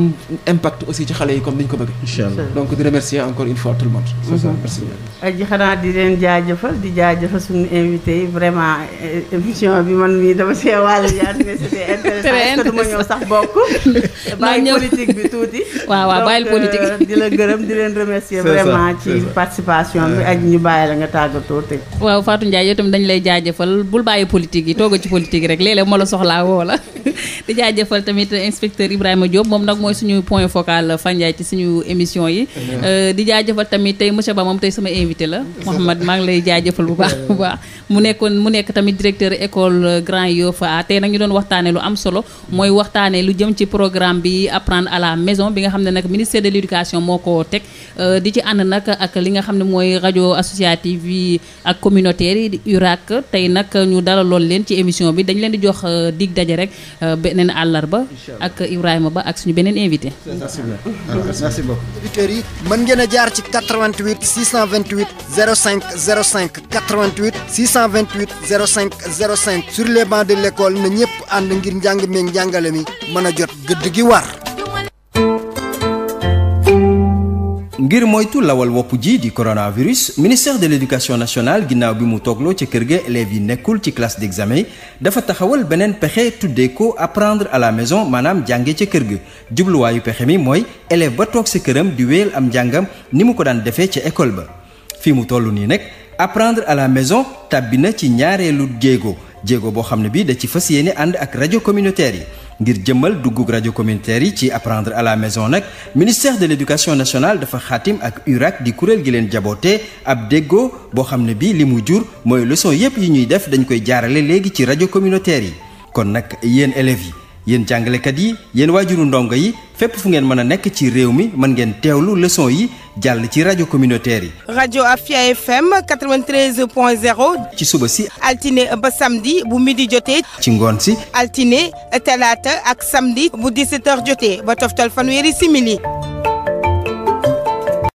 impact aussi ci xale yi comme ni ñu ko bëggee. incha allah donc di remercier encore une fois tout le monde. c'est ça mhm. merci. aji xanaa di leen jaajëfal di jaajëfal suñu invité vraiment euh, émission bi man mii dama see wàll yaa ne sax bokk. bàyyi politique bi tuuti. waaw waaw bàyyi euh, di la gërëm di leen remercier vraiment ci participation bi aji ñu bàyyi la nga tàggatoo tey. waaw Fatou Ndiaye yow tamit dañu lay jaajëfal bul bàyyi politique yi tooga ci politique rek léeg-léeg la soxlaa woo la di jaajëfal tamit inspecteur Ibrahima Diop moom nag mooy suñu point focal Fandiaye ci suñu émission yi euh, di jaajëfal tamit tey monsieur Ba moom tey sama invité la Mouhamad maa ngi lay jaajëfal bu baax bu baax mu nekkoon mu nekk tamit directeur école Grand Yoff a tey nag ñu doon waxtaane lu am solo mooy waxtaane lu jëm ci programme bi apprendre à la maison bi nga xam ne nag ministère de l'éducation moo ko teg euh, di ci ànd nag ak li nga xam ne mooy rajo associative yi ak communautaire yi URAC tey nag ñu dalaloon leen ci émission bi dañ leen di jox euh, dig daje rek beneen àllarba suñu beneen invité. merci beaucoup merci yi mën ngeen a jaar ci 88 628 05 05 88 628 05 05 sur les bancs de l'école na ñëpp ànd ngir njàng meeg njàngale mi mën a jot gëdd gi war. ngir moytu lawal wopp jii di coronavirus ministère de l'éducation nationale ginnaaw bi mu toogloo ci kër ga élèves yi nekkul ci classe d'examen dafa taxawal beneen pexe tuddee ko apprendre à la maison maanaam jànge ca kër ga jubluwaayu pexe mi mooy élève ba toog sa këram di wéyal am njàngam ni mu ko daan defee ca école ba fii mu toll nii nag apprendre à la maison tàbbi ci ñaareelu jéego jéego boo xam ne bii da ci fas yéene ànd ak rajo communautaire yi ngir jëmmal duggug rajo communautaire yi ci aprendre à la maison nag ministère de l' éducation nationale dafa xaatim ak URAC di kuréel gi leen jaboote ab déggoo boo xam ne bii li mu jur mooy leçon yépp yi ñuy def dañu koy jaarale léegi ci rajo communautaire yi kon nag yéen élèves yi yéen jàngalekat yi yéen waajuru ndongo yi fépp fu ngeen mën a nekk ci réew mi mën ngeen teewlu leçon yi jàll ci rajo communautaire yi. rajo Afia FM 93 point 0. ci suba si. altine ba samedi bu midi jotee. ci ngoon si. altine talaata ak samedi bu 17h jotee ba toftal fanweeri simili.